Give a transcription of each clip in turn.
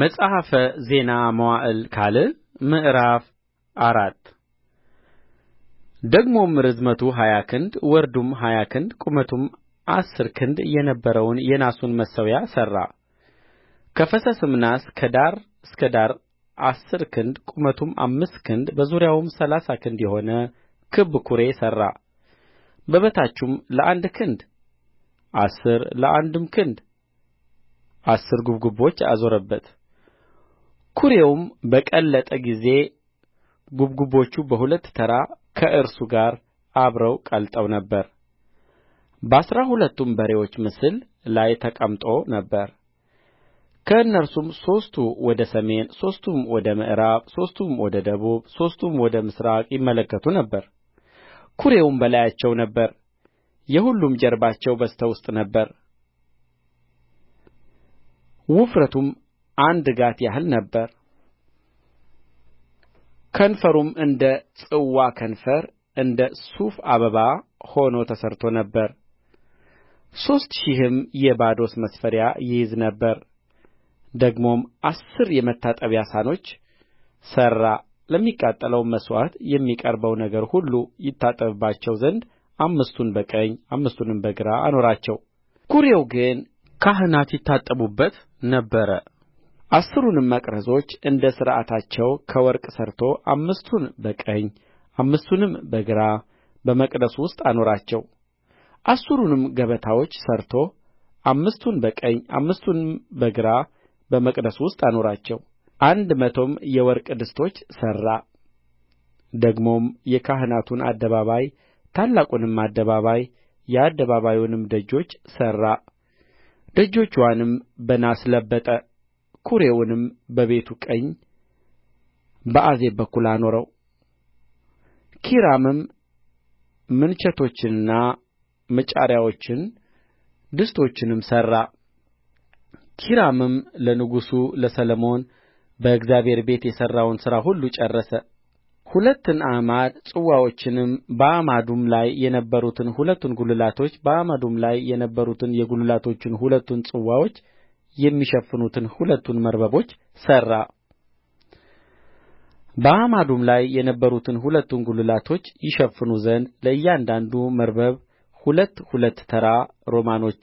መጽሐፈ ዜና መዋዕል ካልዕ ምዕራፍ አራት ደግሞም ርዝመቱ ሀያ ክንድ ወርዱም ሀያ ክንድ ቁመቱም አሥር ክንድ የነበረውን የናሱን መሠዊያ ሠራ ከፈሰሰም ናስ ከዳር እስከ ዳር አሥር ክንድ ቁመቱም አምስት ክንድ በዙሪያውም ሠላሳ ክንድ የሆነ ክብ ኵሬ ሠራ በበታቹም ለአንድ ክንድ አሥር ለአንድም ክንድ አሥር ጉብጉቦች አዞረበት ኵሬውም በቀለጠ ጊዜ ጉብጉቦቹ በሁለት ተራ ከእርሱ ጋር አብረው ቀልጠው ነበር በአሥራ ሁለቱም በሬዎች ምስል ላይ ተቀምጦ ነበር ከእነርሱም ሦስቱ ወደ ሰሜን ሦስቱም ወደ ምዕራብ ሦስቱም ወደ ደቡብ ሦስቱም ወደ ምሥራቅ ይመለከቱ ነበር ኵሬውም በላያቸው ነበር የሁሉም ጀርባቸው በስተ ውስጥ ነበረ ውፍረቱም አንድ ጋት ያህል ነበረ ከንፈሩም እንደ ጽዋ ከንፈር እንደ ሱፍ አበባ ሆኖ ተሠርቶ ነበር ሦስት ሺህም የባዶስ መስፈሪያ ይይዝ ነበር ደግሞም አሥር የመታጠቢያ ሳህኖች ሠራ ለሚቃጠለውም መሥዋዕት የሚቀርበው ነገር ሁሉ ይታጠብባቸው ዘንድ አምስቱን በቀኝ አምስቱንም በግራ አኖራቸው ኵሬው ግን ካህናት ይታጠቡበት ነበረ አሥሩንም መቅረዞች እንደ ሥርዓታቸው ከወርቅ ሠርቶ አምስቱን በቀኝ አምስቱንም በግራ በመቅደሱ ውስጥ አኖራቸው አሥሩንም ገበታዎች ሠርቶ አምስቱን በቀኝ አምስቱንም በግራ በመቅደሱ ውስጥ አኖራቸው አንድ መቶም የወርቅ ድስቶች ሠራ ደግሞም የካህናቱን አደባባይ ታላቁንም አደባባይ የአደባባዩንም ደጆች ሠራ ደጆቿንም በናስ ለበጠ ኵሬውንም በቤቱ ቀኝ በአዜብ በኩል አኖረው ኪራምም ምንቸቶችንና መጫሪያዎችን ድስቶችንም ሠራ ኪራምም ለንጉሡ ለሰሎሞን በእግዚአብሔር ቤት የሠራውን ሥራ ሁሉ ጨረሰ ሁለቱን አዕማድ ጽዋዎቹንም በአዕማዱም ላይ የነበሩትን ሁለቱን ጕልላቶች በአዕማዱም ላይ የነበሩትን የጕልላቶቹን ሁለቱን ጽዋዎች የሚሸፍኑትን ሁለቱን መርበቦች ሠራ በአዕማዱም ላይ የነበሩትን ሁለቱን ጕልላቶች ይሸፍኑ ዘንድ ለእያንዳንዱ መርበብ ሁለት ሁለት ተራ ሮማኖች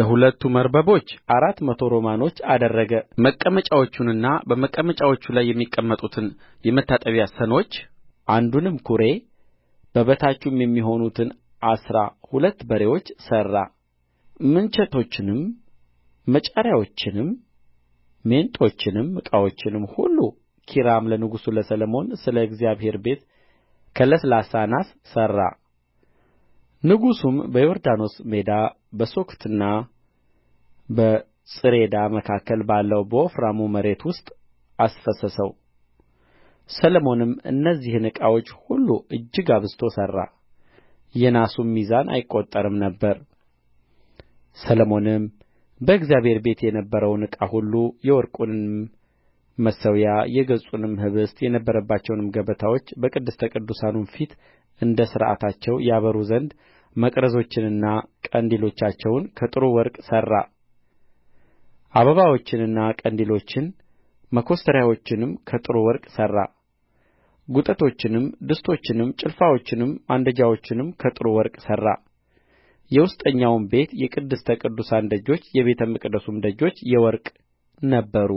ለሁለቱ መርበቦች አራት መቶ ሮማኖች አደረገ መቀመጫዎቹንና በመቀመጫዎቹ ላይ የሚቀመጡትን የመታጠቢያ ሰኖች አንዱንም ኵሬ በበታቹም የሚሆኑትን አሥራ ሁለት በሬዎች ሠራ ምንቸቶቹንም መጫሪያዎቹንም ሜንጦቹንም ዕቃዎቹንም ሁሉ ኪራም ለንጉሡ ለሰሎሞን ስለ እግዚአብሔር ቤት ከለስላሳ ናስ ሠራ ንጉሡም በዮርዳኖስ ሜዳ በሱኮትና በጽሬዳ መካከል ባለው በወፍራሙ መሬት ውስጥ አስፈሰሰው ሰሎሞንም እነዚህን ዕቃዎች ሁሉ እጅግ አብዝቶ ሠራ የናሱም ሚዛን አይቈጠርም ነበር ሰሎሞንም በእግዚአብሔር ቤት የነበረውን ዕቃ ሁሉ የወርቁንም መሠዊያ የገጹንም ኅብስት የነበረባቸውንም ገበታዎች በቅድስተ ቅዱሳኑም ፊት እንደ ሥርዓታቸው ያበሩ ዘንድ መቅረዞችንና ቀንዲሎቻቸውን ከጥሩ ወርቅ ሠራ። አበባዎችንና ቀንዲሎችን መኰስተሪያዎችንም ከጥሩ ወርቅ ሠራ። ጕጦቹንም ድስቶችንም ጭልፋዎችንም ማንደጃዎችንም ከጥሩ ወርቅ ሠራ የውስጠኛውም ቤት የቅድስተ ቅዱሳን ደጆች የቤተ መቅደሱም ደጆች የወርቅ ነበሩ